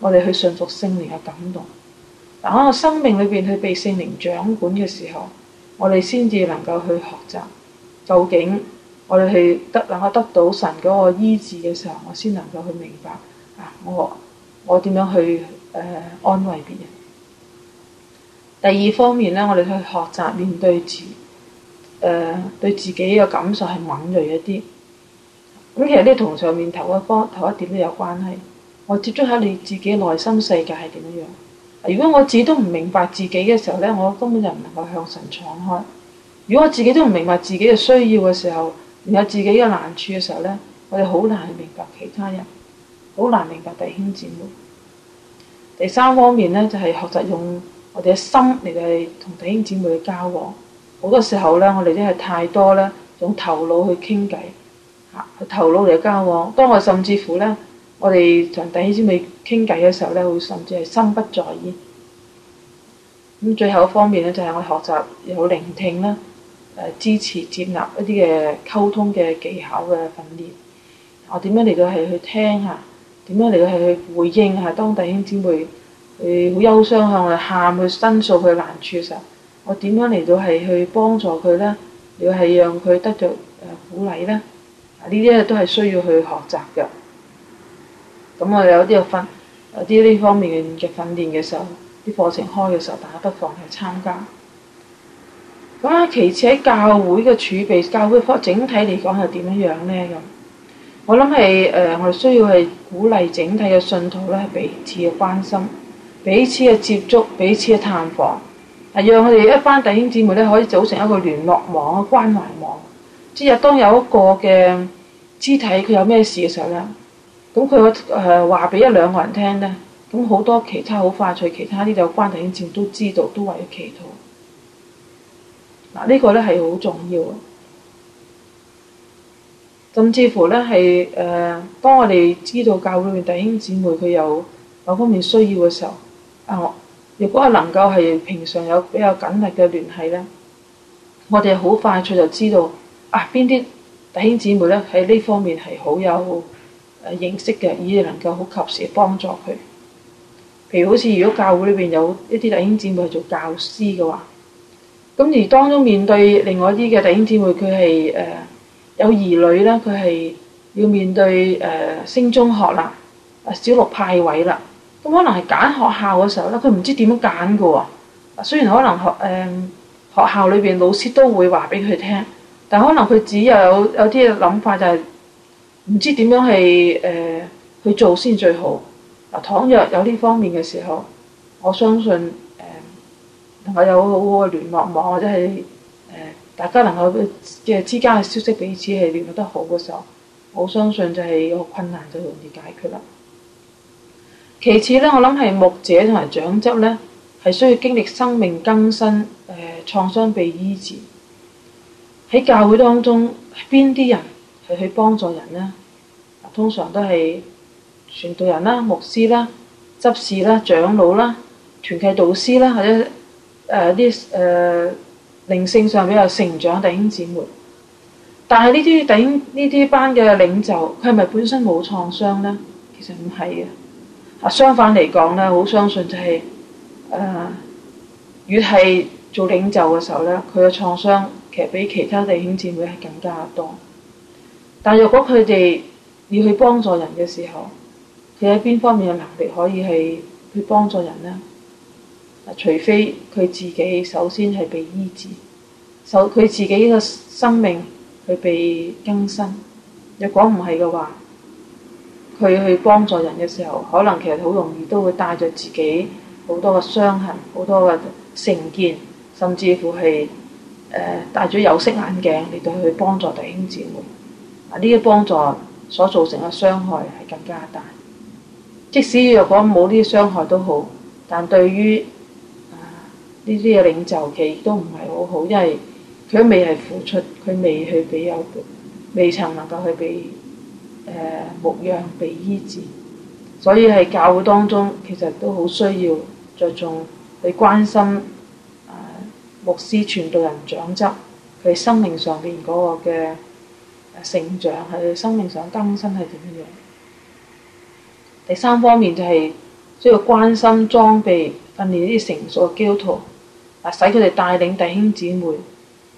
我哋去順服聖靈嘅感動。但喺我生命裏邊去被聖靈掌管嘅時候，我哋先至能夠去學習究竟。我哋去得能夠得到神嗰個醫治嘅時候，我先能夠去明白啊！我我點樣去誒、呃、安慰別人？第二方面呢，我哋去學習面對自誒、呃、對自己嘅感受係敏鋭一啲。咁其實呢同上面頭一方頭一點都有關係。我接觸下你自己內心世界係點樣？如果我自己都唔明白自己嘅時候呢，我根本就唔能夠向神敞開。如果我自己都唔明白自己嘅需要嘅時候，有自己嘅難處嘅時候呢，我哋好難去明白其他人，好難明白弟兄姊妹。第三方面呢，就係學習用我哋嘅心嚟去同弟兄姊妹去交往。好多時候呢，我哋真係太多呢用頭腦去傾偈，啊用頭腦嚟交往。當我甚至乎呢，我哋同弟兄姊妹傾偈嘅時候呢，會甚至係心不在焉。咁最後一方面呢，就係我學習有聆聽啦。誒支持、接納一啲嘅溝通嘅技巧嘅訓練，我點樣嚟到係去聽下，點樣嚟到係去回應下，當弟兄姊妹佢好憂傷向我哋喊去申訴佢難處嘅時候，我點樣嚟到係去幫助佢呢？咧？要係讓佢得到誒鼓勵呢，呢啲都係需要去學習嘅。咁我有啲嘅訓，有啲呢方面嘅訓練嘅時候，啲課程開嘅時候，大家不妨去參加。咁其次喺教會嘅儲備，教會整體嚟講係點樣樣咧咁？我諗係誒，我哋需要係鼓勵整體嘅信徒咧，彼此嘅關心，彼此嘅接觸，彼此嘅探訪，係讓我哋一班弟兄姊妹咧，可以組成一個聯絡網、關懷網。即係當有一個嘅肢體佢有咩事嘅時候咧，咁佢誒話俾一兩個人聽咧，咁好多其他好快脆其他啲有關弟兄姊妹都知道，都為咗祈禱。嗱，呢個咧係好重要嘅，甚至乎咧係誒，當我哋知道教會裏面弟兄姊妹佢有某方面需要嘅時候，啊、呃，我如果係能夠係平常有比較緊密嘅聯繫咧，我哋好快脆就知道啊邊啲弟兄姊妹咧喺呢方面係好有誒認識嘅，以能夠好及時幫助佢。譬如好似如果教會裏邊有一啲弟兄姊妹係做教師嘅話。咁而當中面對另外一啲嘅弟兄姊妹，佢係誒有兒女啦，佢係要面對誒、呃、升中學啦、啊，小六派位啦，咁、嗯、可能係揀學校嘅時候咧，佢唔知點樣揀嘅喎。雖然可能學誒、呃、學校裏邊老師都會話俾佢聽，但可能佢只有有啲嘅諗法、就係，就係唔知點樣係誒、呃、去做先最好。嗱，倘若有呢方面嘅時候，我相信。我有個聯絡網，或者係誒、呃、大家能夠嘅之間嘅消息彼此係聯絡得好嘅時候，我相信就係有困難就容易解決啦。其次咧，我諗係牧者同埋長執咧，係需要經歷生命更新、誒創傷被醫治。喺教會當中，邊啲人係去幫助人呢？通常都係傳道人啦、牧師啦、執事啦、長老啦、團契導師啦，或者。誒啲誒靈性上比較成長弟兄姊妹，但係呢啲弟兄呢啲班嘅領袖，佢係咪本身冇創傷呢？其實唔係嘅，啊相反嚟講咧，好相信就係誒越係做領袖嘅時候咧，佢嘅創傷其實比其他弟兄姊妹係更加多。但係若果佢哋要去幫助人嘅時候，佢喺邊方面嘅能力可以係去幫助人咧？除非佢自己首先係被醫治，首佢自己嘅生命係被更新。如果唔係嘅話，佢去幫助人嘅時候，可能其實好容易都會帶着自己好多嘅傷痕、好多嘅成見，甚至乎係誒戴咗有色眼鏡嚟對佢幫助弟兄姊妹。啊，呢啲幫助所造成嘅傷害係更加大。即使若果冇呢啲傷害都好，但對於呢啲嘅領袖佢都唔係好好，因為佢未係付出，佢未去俾有，未曾能夠去俾誒牧養、俾、呃、醫治，所以喺教會當中其實都好需要着重去關心、呃、牧師傳道人長執佢生命上邊嗰個嘅成長，佢生命上更新係點樣樣？第三方面就係需要關心裝備訓練呢啲成熟嘅基督徒。使佢哋帶領弟兄姊妹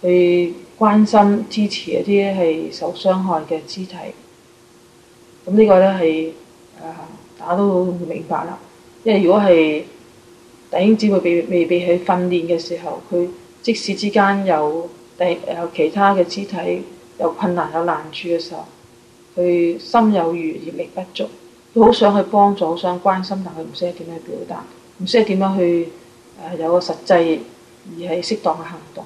去關心支持一啲係受傷害嘅肢體，咁呢個咧係大家都明白啦。因為如果係弟兄姊妹未未被去訓練嘅時候，佢即使之間有第有其他嘅肢體有困難有難處嘅時候，佢心有餘而力不足，佢好想去幫助、好想關心，但佢唔識得點樣去表達，唔識得點樣去誒、呃、有個實際。而係適當嘅行動，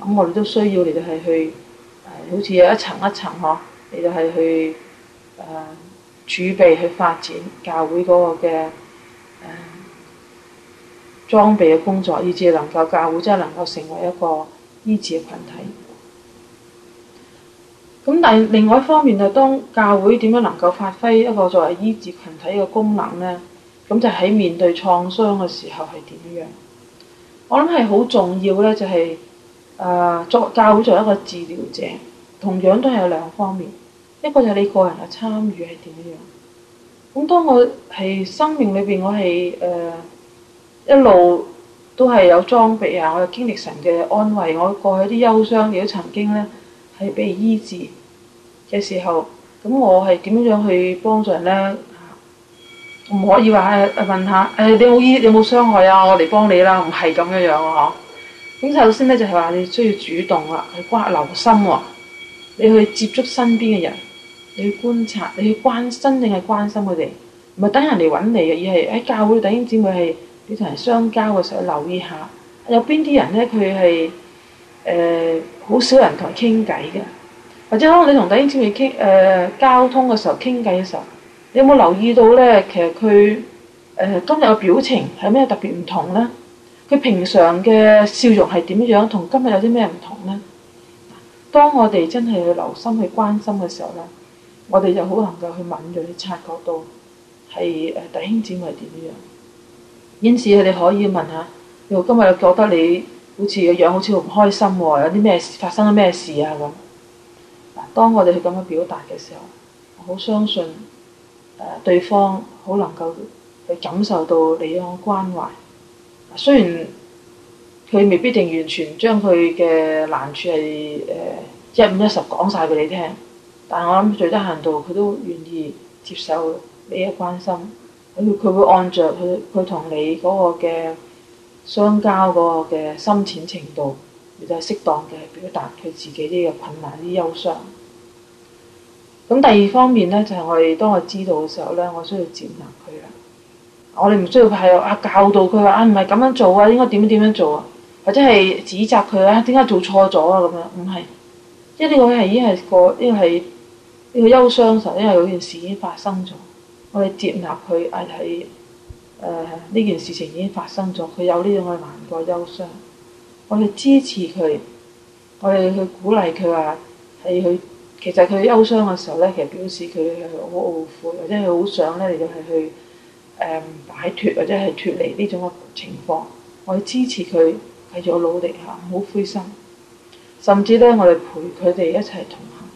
咁我哋都需要去，你哋係去好似有一層一層嗬，你就係去誒儲、呃、備去發展教會嗰個嘅誒裝備嘅工作，以至能夠教會真係能夠成為一個醫治嘅群體。咁但係另外一方面，就當教會點樣能夠發揮一個作為醫治群體嘅功能呢？咁就喺面對創傷嘅時候係點樣？我諗係好重要咧，就是，就係誒作教會做一個治療者，同樣都係有兩方面，一個就係你個人嘅參與係點樣。咁當我係生命裏邊，我係誒一路都係有裝備啊，我有經歷神嘅安慰，我過去啲憂傷亦都曾經咧係俾人醫治嘅時候，咁我係點樣去幫助人咧？唔可以話，誒誒問下誒、哎、你有冇依有冇傷害啊，我嚟幫你啦，唔係咁樣樣啊嗬。咁首先呢，就係、是、話你需要主動啊，去關留心，啊，你去接觸身邊嘅人，你去觀察，你去關心，正係關心佢哋，唔係等人嚟揾你嘅，而係喺教會弟兄姊妹係你同人相交嘅時候留意下，有邊啲人呢？佢係好少人同佢傾偈嘅，或者可能你同弟兄姊妹傾誒交通嘅時候傾偈嘅時候。有冇留意到呢？其實佢、呃、今日嘅表情係咩特別唔同呢？佢平常嘅笑容係點樣？同今日有啲咩唔同呢？當我哋真係去留心去關心嘅時候呢，我哋就好能夠去敏銳去察覺到係、呃、弟兄姊妹係點樣。因此你可以問下：你今日覺得你好似個樣好似好唔開心喎，有啲咩事發生咗咩事啊？咁，當我哋去咁樣表達嘅時候，我好相信。誒對方好能夠去感受到你嘅關懷，雖然佢未必定完全將佢嘅難處係誒、呃、一五一十講晒俾你聽，但係我諗最低限度佢都願意接受你嘅關心，佢會按着佢佢同你嗰個嘅相交嗰個嘅深淺程度，你就適當嘅表達佢自己啲嘅困難、啲憂傷。咁第二方面呢，就係、是、我哋當我知道嘅時候呢，我需要接納佢啦。我哋唔需要佢係啊教導佢話啊唔係咁樣做啊，應該點樣點樣做啊，或者係指責佢啊點解做錯咗啊咁樣，唔係。即呢個係已經係個，因為係呢個憂傷實，因為有件事已經發生咗。我哋接納佢係係呢件事情已經發生咗，佢有呢種嘅難過憂傷。我哋支持佢，我哋去鼓勵佢話係去，其實佢憂傷嘅時候呢，其實表示佢係好懊悔，或者係好想呢，就係去誒擺、嗯、脱，或者係脱離呢種嘅情況。我支持佢，繼續努力下，唔好、啊、灰心。甚至呢，我哋陪佢哋一齊同行。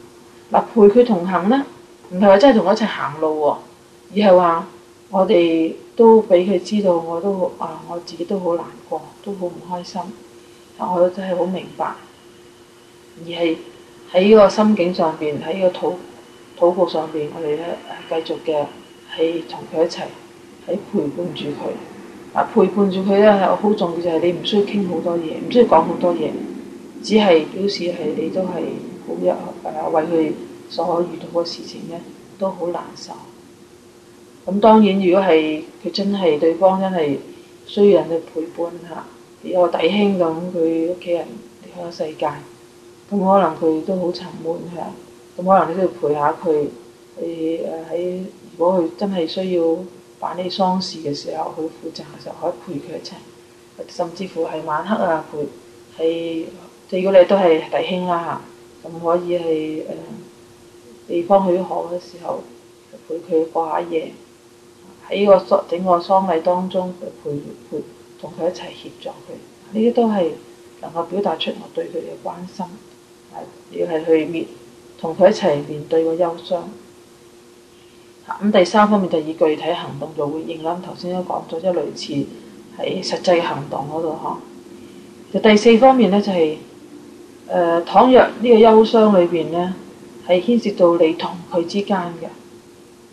嗱、啊，陪佢同行呢，唔係話真係同佢一齊行路喎、啊，而係話我哋都俾佢知道，我都啊我自己都好難過，都好唔開心，但、啊、我都真係好明白，而係。喺呢個心境上邊，喺呢個土土壤上邊，我哋呢繼續嘅喺同佢一齊，喺陪伴住佢。啊，陪伴住佢呢，好重要就係你唔需要傾好多嘢，唔需要講好多嘢，只係表示係你都係好一啊，為佢所遇到嘅事情呢，都好難受。咁當然，如果係佢真係對方真係需要人哋陪伴下，有個弟兄咁，佢屋企人離開世界。咁可能佢都好沉悶嚇，咁可能你都要陪下佢。誒喺，如果佢真係需要辦啲喪事嘅時候，好負責嘅時候，可以陪佢一齊。甚至乎係晚黑啊，陪，係，如果你都係弟兄啦、啊、嚇，咁、嗯、可以係誒、呃、地方許可嘅時候，陪佢過下夜。喺、這個、個喪，整個喪禮當中，陪陪同佢一齊協助佢。呢啲都係能夠表達出我對佢嘅關心。要係去面同佢一齊面對個憂傷，咁、啊、第三方面就以具體行動做回應啦。咁頭先都講咗即類似喺實際行動嗰度，嗬、啊。第四方面呢，就係、是、呃、倘若呢個憂傷裏邊呢係牽涉到你同佢之間嘅，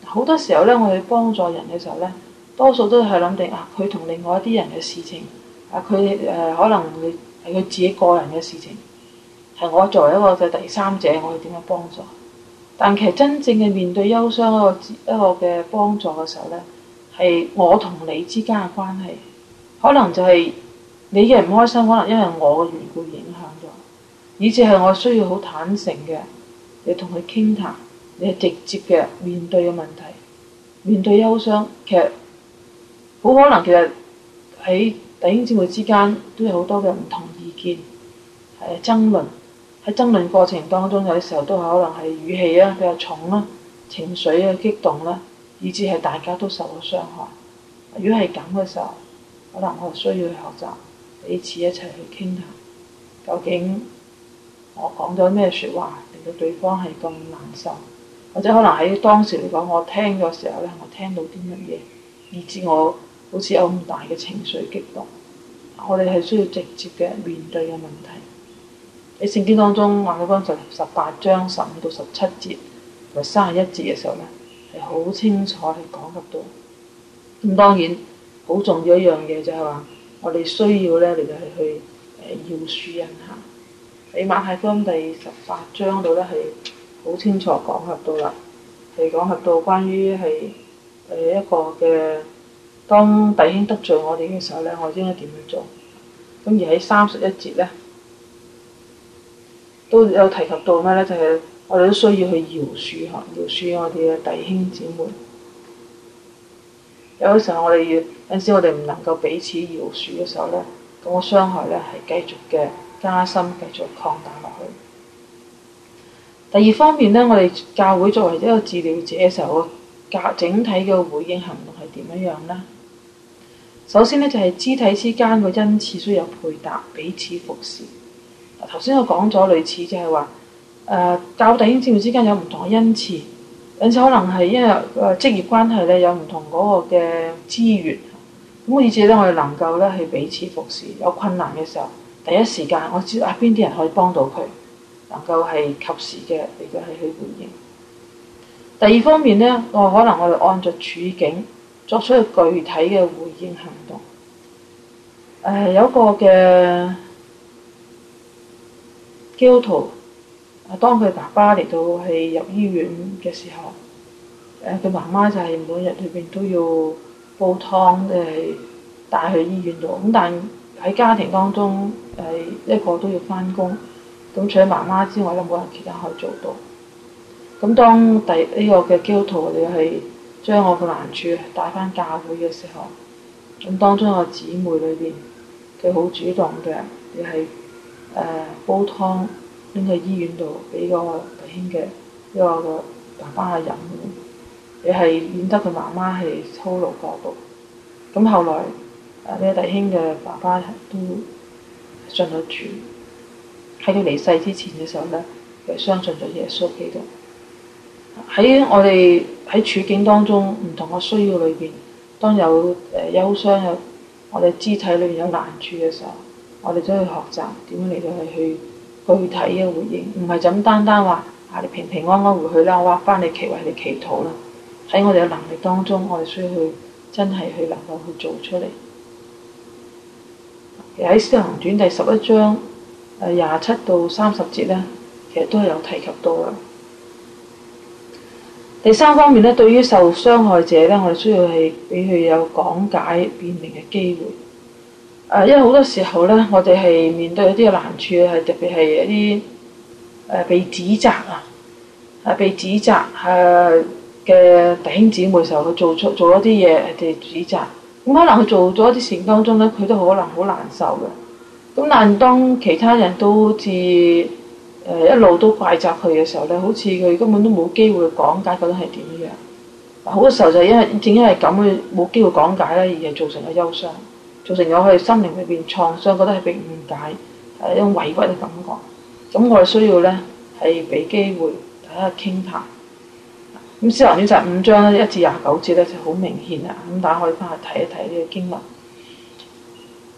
好多時候呢，我哋幫助人嘅時候呢，多數都係諗定啊佢同另外一啲人嘅事情，啊佢、呃、可能係佢自己個人嘅事情。係我作為一個嘅第三者，我要點樣幫助？但其實真正嘅面對憂傷一個一個嘅幫助嘅時候咧，係我同你之間嘅關係，可能就係你嘅唔開心，可能因為我嘅緣故影響咗，以至係我需要好坦誠嘅，你同佢傾談，你係直接嘅面對嘅問題，面對憂傷，其實好可能其實喺弟兄姊妹之間都有好多嘅唔同意見，係爭論。喺爭論過程當中，有啲時候都可能係語氣啊比較重啦，情緒啊激動啦，以至係大家都受咗傷害。如果係咁嘅時候，可能我需要去學習，彼此一齊去傾下，究竟我講咗咩說話令到對方係咁難受，或者可能喺當時嚟講，我聽嘅時候咧，我聽到啲乜嘢，以至我好似有咁大嘅情緒激動。我哋係需要直接嘅面對嘅問題。喺聖經當中話佢嗰陣十八章十五到十七節同三十一節嘅時候呢係好清楚講合到。咁當然好重要一樣嘢，就係、是、話，我哋需要呢，你就係去誒要書人下。起碼喺福第十八章度呢係好清楚講合到啦，係講合到關於係一個嘅，當弟兄得罪我哋嘅時候呢，我應該點樣做？咁而喺三十一節呢。都有提及到咩呢？就係、是、我哋都需要去饒恕呵，饒恕我哋嘅弟兄姊妹。有啲時，時，時候，我哋要，有陣時，我哋唔能夠彼此饒恕嘅時候呢，咁個傷害呢係繼續嘅加深，繼續擴大落去。第二方面呢，我哋教會作為一個治療者嘅時候，教整體嘅回應行動係點樣樣呢？首先呢，就係、是、肢體之間嘅恩賜，需要配搭，彼此服侍。頭先我講咗類似就係話，誒教弟兄姊妹之間有唔同嘅恩賜，因此可能係因為誒職業關係咧有唔同嗰個嘅資源，咁以至咧我哋能夠咧係彼此服侍，有困難嘅時候，第一時間我知道啊邊啲人可以幫到佢，能夠係及時嘅嚟到係去回應。第二方面呢，我可能我哋按照處境作出一個具體嘅回應行動。誒、呃、有一個嘅。Kato 當佢爸爸嚟到係入醫院嘅時候，佢媽媽就係每日裏邊都要煲湯定係帶去醫院度。咁但喺家庭當中，誒，一個都要翻工，咁除咗媽媽之外都冇人其他可以做到。咁當第呢個嘅 Kato 我係將我嘅難處帶翻教會嘅時候，咁當中我姊妹裏邊佢好主動嘅，佢係。誒，煲湯拎去醫院度俾個弟兄嘅一個個爸爸飲，佢係免得佢媽媽係操勞過度。咁後來呢個弟兄嘅爸爸都進咗住，喺佢離世之前嘅時候呢，佢相信咗耶穌基督。喺我哋喺處境當中唔同嘅需要裏邊，當有誒憂傷，有我哋肢體裏面有難處嘅時候。我哋都要學習點樣嚟到去具體嘅回應，唔係就咁單單話啊！你平平安安回去啦，我挖翻你祈為你祈禱啦。喺我哋嘅能力當中，我哋需要去真係去能夠去做出嚟。其實喺《使徒行傳》第十一章，誒廿七到三十節呢，其實都係有提及到啦。第三方面呢，對於受傷害者呢，我哋需要係俾佢有講解辨明嘅機會。誒，因為好多時候呢，我哋係面對一啲難處，係特別係一啲誒被指責啊，被指責誒嘅、呃、弟兄姊妹嘅時候，佢做出做一啲嘢，佢哋指責，咁、嗯、可能佢做咗一啲事當中呢，佢都可能好難受嘅。咁但當其他人都好似誒、呃、一路都怪責佢嘅時候呢，好似佢根本都冇機會講解究竟係點樣。好多時候就因為正因為咁嘅冇機會講解咧，而係造成咗憂傷。造成咗佢心靈裏邊創傷，覺得係被誤解，係一種委屈嘅感覺。咁我哋需要呢，係俾機會大家傾談，談。咁《詩經》呢就五章咧，一至廿九節咧就好明顯啦。咁大家可以翻去睇一睇呢個經文。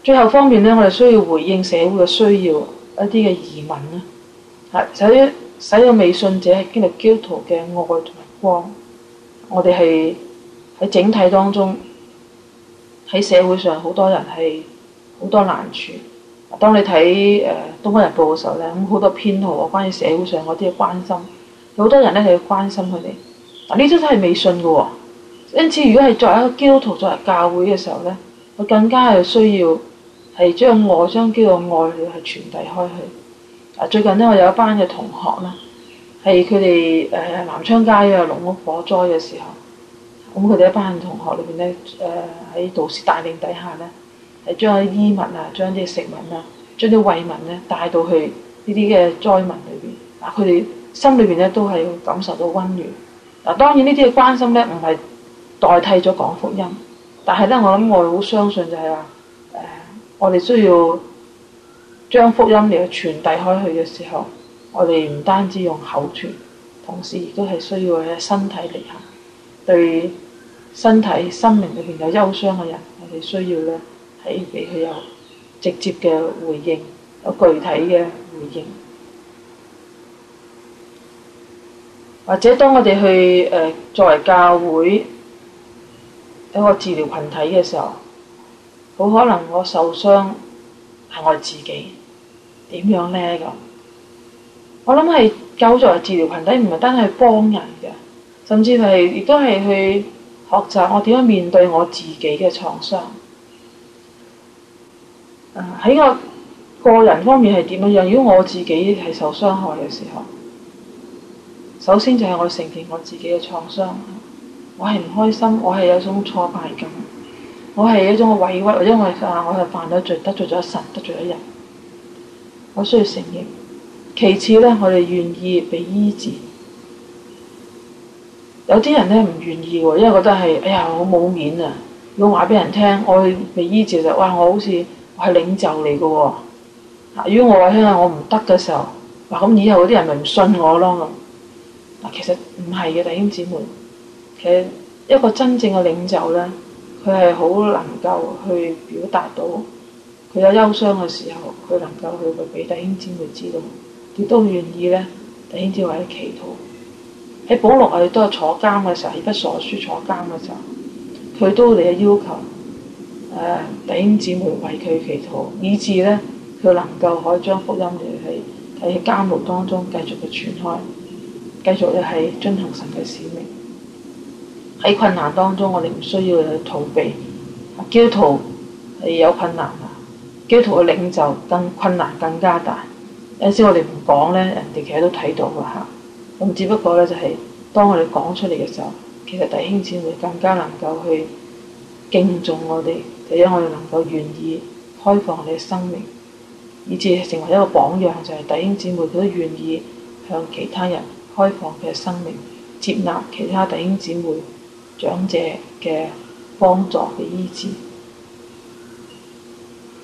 (music) 最後方面呢，我哋需要回應社會嘅需要一啲嘅疑問啦。係使使個未信者經歷基督徒嘅愛同埋光。我哋係喺整體當中。喺社會上好多人係好多難處，當你睇誒、呃《東方日報》嘅時候呢，咁好多編號啊，關於社會上嗰啲關心，好多人呢就要關心佢哋。嗱呢啲都係未信嘅喎、哦，因此如果係作為一個基督徒作為教會嘅時候呢，我更加係需要係將愛，將基督嘅愛去傳遞開去。嗱最近呢，我有一班嘅同學咧，係佢哋誒南昌街嘅籠屋火災嘅時候。咁佢哋一班同學裏邊呢，誒喺導師帶領底下呢，係將啲衣物啊、將啲食物啊、將啲慰問呢帶到去呢啲嘅災民裏邊。嗱，佢哋心裏邊呢，都係感受到溫暖。嗱，當然呢啲嘅關心呢，唔係代替咗講福音，但係呢，我諗我好相信就係、是、話，誒、呃，我哋需要將福音嚟傳遞開去嘅時候，我哋唔單止用口傳，同時亦都係需要喺身體力行。對身體、心靈裏邊有憂傷嘅人，我哋需要咧，係俾佢有直接嘅回應，有具體嘅回應。或者當我哋去誒、呃、作為教會一個治療群體嘅時候，好可能我受傷係我自己，點樣呢？咁我諗係救作為治療群體唔係單係幫人嘅。甚至係亦都係去學習我點樣面對我自己嘅創傷。喺、呃、我個人方面係點樣樣？如果我自己係受傷害嘅時候，首先就係我承認我自己嘅創傷，我係唔開心，我係有種挫敗感，我係一種委屈，因為啊，我係犯咗罪，得罪咗神，得罪咗人，我需要承認。其次咧，我哋願意被醫治。有啲人呢唔願意喎，因為覺得係，哎呀，我冇面啊！如果話俾人聽，我被醫治就，哇！我好似係領袖嚟嘅喎。如果我話聽啊，我唔得嘅時候，嗱咁以後嗰啲人咪唔信我咯。嗱，其實唔係嘅弟兄姊妹，其實一個真正嘅領袖呢，佢係好能夠去表達到佢有憂傷嘅時候，佢能夠去去俾弟兄姊妹知道，亦都願意呢，弟兄姊妹喺祈禱。喺保羅哋都係坐監嘅時候，以弗所書坐監嘅時候，佢都嚟嘅要求，弟兄姊妹為佢祈禱，以致呢，佢能夠可以將福音嚟喺喺監獄當中繼續去傳開，繼續咧係遵行神嘅使命。喺困難當中，我哋唔需要去逃避。教會係有困難啊，教會嘅領袖更困難更加大。有陣時我哋唔講呢，人哋其實都睇到噶吓。咁只不過呢，就係當我哋講出嚟嘅時候，其實弟兄姊妹更加能夠去敬重我哋，就因為我哋能夠願意開放我哋嘅生命，以至成為一個榜樣，就係、是、弟兄姊妹佢都願意向其他人開放佢嘅生命，接納其他弟兄姊妹長者嘅幫助嘅醫治。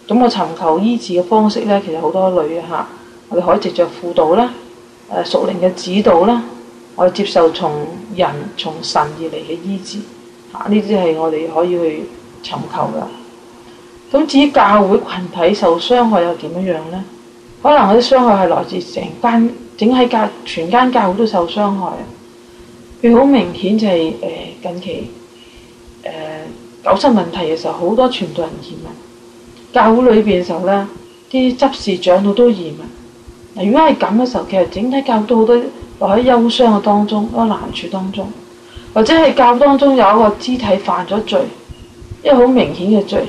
咁、那、我、個、尋求醫治嘅方式呢，其實好多類嘅嚇，我哋可以直接輔導啦。誒熟靈嘅指導啦，我接受從人從神而嚟嘅醫治。嚇，呢啲係我哋可以去尋求嘅。咁至於教會群體受傷害又點樣樣咧？可能嗰啲傷害係來自成間整喺教全間教會都受傷害。佢好明顯就係、是呃、近期誒九七問題嘅時候，好多傳道人移民。教會裏邊嘅時候呢，啲執事長都都移民。如果係咁嘅時候，其實整體教會都好多落喺憂傷嘅當中，一個難處當中，或者係教會當中有一個肢體犯咗罪，一個好明顯嘅罪，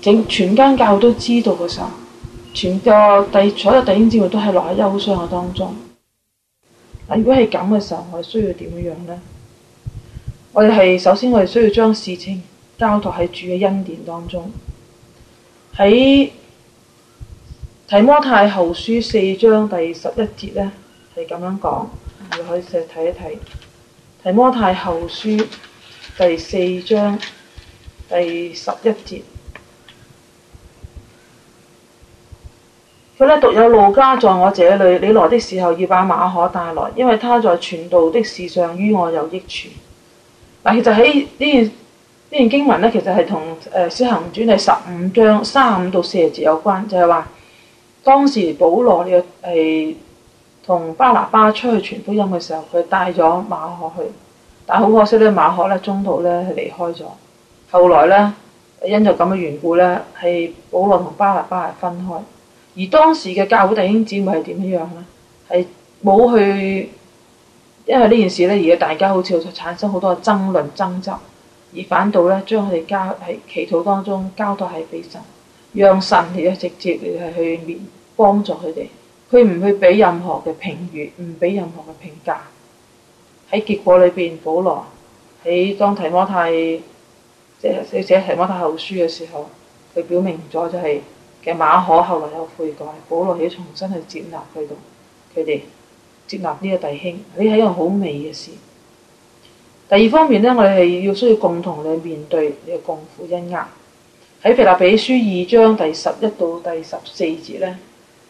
整全間教會都知道嘅時候，全個第所有弟兄姊妹都喺落喺憂傷嘅當中。如果係咁嘅時候，我哋需要點樣呢？我哋係首先，我哋需要將事情交託喺主嘅恩典當中，喺。提摩太後書四章第十一節呢，係咁樣講，你可以再睇一睇。提摩太後書第四章第十一節，佢呢，獨有路加在我這裏，你來的時候要把馬可帶來，因為他在傳道的事上於我有益處。嗱，其實喺呢段呢段經文呢，其實係同《使徒行傳》第十五章三十五到四十節有關，就係話。當時保羅呢個係同巴拿巴出去傳福音嘅時候，佢帶咗馬可去，但好可惜呢馬可呢中途呢係離開咗。後來呢，因咗咁嘅緣故呢，係保羅同巴拿巴係分開。而當時嘅教會弟兄姊妹係點樣呢？係冇去，因為呢件事呢。而家大家好似就產生好多嘅爭論爭執，而反倒呢將佢哋交喺祈禱當中交託喺俾神。讓神嚟直接去面幫助佢哋，佢唔去畀任何嘅評語，唔畀任何嘅評價。喺結果裏邊，保羅喺當提摩太即係寫寫提摩太後書嘅時候，佢表明咗就係、是、嘅馬可後來有悔改，保羅起重新去接納佢度佢哋接納呢個弟兄，呢係一個好美嘅事。第二方面呢，我哋係要需要共同去面對呢個共苦恩壓。喺《腓立比書》二章第十一到第十四節呢，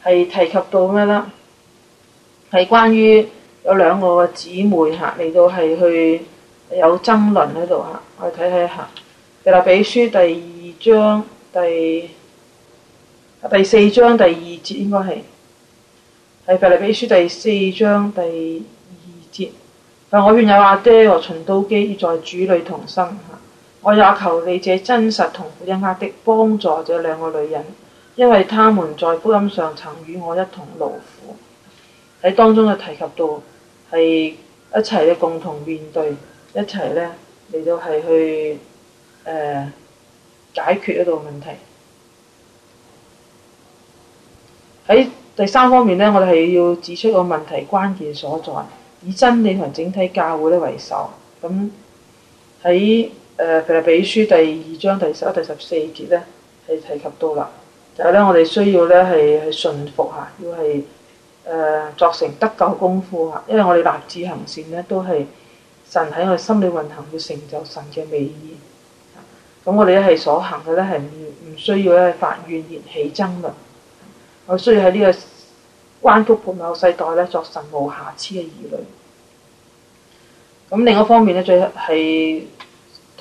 係提及到咩呢？係關於有兩個姊妹嚇嚟到係去有爭論喺度嚇，我哋睇睇嚇《腓立比書》第二章第第四章第二節，應該係係《腓立比書》第四章第二節，但我勸友阿爹和循都基要在主裏同心，我也求你，這真實同負一軛的，幫助，這兩個女人，因為他們在福音上曾與我一同勞苦，喺當中嘅提及到係一齊嘅共同面對，一齊呢嚟到係去、呃、解決嗰度問題。喺第三方面呢，我哋係要指出個問題關鍵所在，以真理同整體教會呢為首。誒，其實、呃《腓書》第二章第十一、第十四節咧係提及到啦。就後、是、咧，我哋需要咧係係順服下，要係誒、呃、作成得救功夫啊。因為我哋立志行善咧，都係神喺我哋心裏運行，要成就神嘅美意。咁我哋一係所行嘅咧係唔唔需要咧發怨言起爭論。我需要喺呢個彎曲悖謬世代咧作神無瑕疵嘅兒女。咁另一方面咧，最係。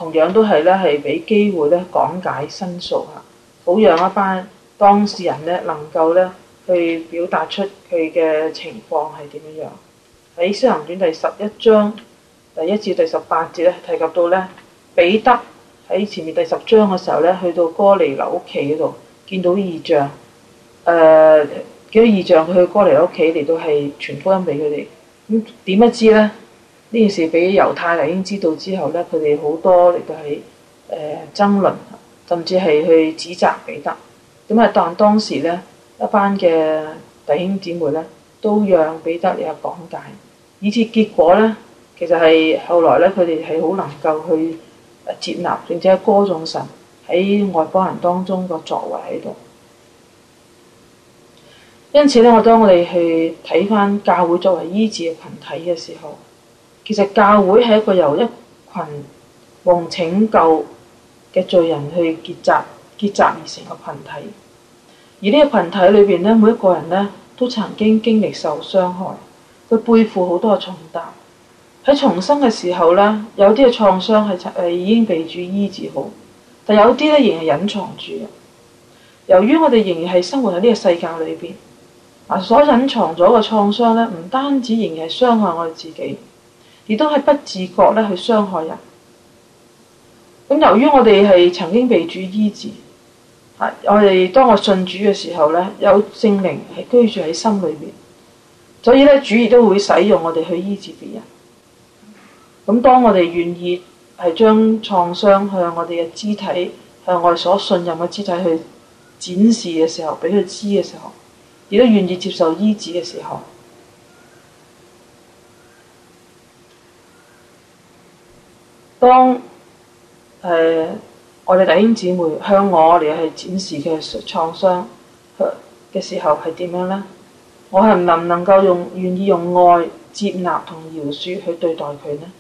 同樣都係咧，係俾機會咧講解申訴嚇，好讓一班當事人咧能夠咧去表達出佢嘅情況係點樣樣。喺《使徒行傳》第十一章第一至第十八節咧提及到咧，彼得喺前面第十章嘅時候咧，去到哥尼流屋企嗰度見到異象，誒、呃、見到異象，佢去哥尼流屋企嚟到係傳福音俾佢哋，咁點樣知咧？呢件事俾猶太人已知道之後呢，佢哋好多亦都係誒爭論，甚至係去指責彼得。咁啊，當當時呢，一班嘅弟兄姊妹呢，都讓彼得有講解，以至結果呢，其實係後來呢，佢哋係好能夠去接納，並且歌頌神喺外邦人當中個作為喺度。因此呢，我當我哋去睇翻教會作為醫治嘅群體嘅時候。其實教會係一個由一群蒙拯救嘅罪人去結集結集而成嘅群體，而呢個群體裏邊呢，每一個人呢都曾經經歷受傷害，佢背負好多嘅重擔。喺重生嘅時候呢，有啲嘅創傷係已經被主醫治好，但有啲呢仍然係隱藏住。由於我哋仍然係生活喺呢個世界裏邊，嗱所隱藏咗嘅創傷呢，唔單止仍然係傷害我哋自己。亦都係不自覺咧去傷害人。咁由於我哋係曾經被主醫治，我哋當我信主嘅時候咧，有聖靈係居住喺心裏面，所以咧主亦都會使用我哋去醫治別人。咁當我哋願意係將創傷向我哋嘅肢體，向我哋所信任嘅肢體去展示嘅時候，俾佢知嘅時候，亦都願意接受醫治嘅時候。當誒、呃、我哋弟兄姊妹向我哋去展示嘅創傷嘅時候係點樣呢？我係能唔能夠用願意用愛接納同饒恕去對待佢呢？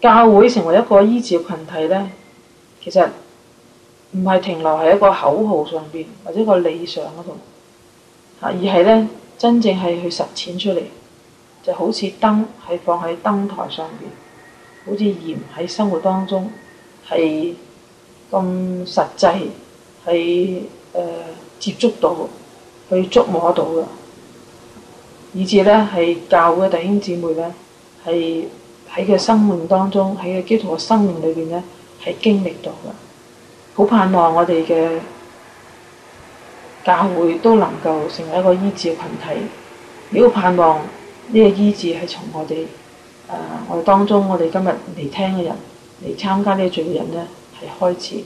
教會成為一個醫治群體呢，其實唔係停留喺一個口號上邊或者一個理想嗰度嚇，而係呢，真正係去實踐出嚟。就好似燈係放喺燈台上邊，好似鹽喺生活當中係咁實際，係誒、呃、接觸到、去觸摸到嘅，以至咧係教會嘅弟兄姊妹咧，係喺佢嘅生命當中，喺佢嘅基督徒生命裏邊咧係經歷到嘅，好盼望我哋嘅教會都能夠成為一個醫治嘅羣體，如果盼望。呢個醫治係從我哋誒、呃，我哋當中我，我哋今日嚟聽嘅人嚟參加個呢個聚會嘅人咧，係開始。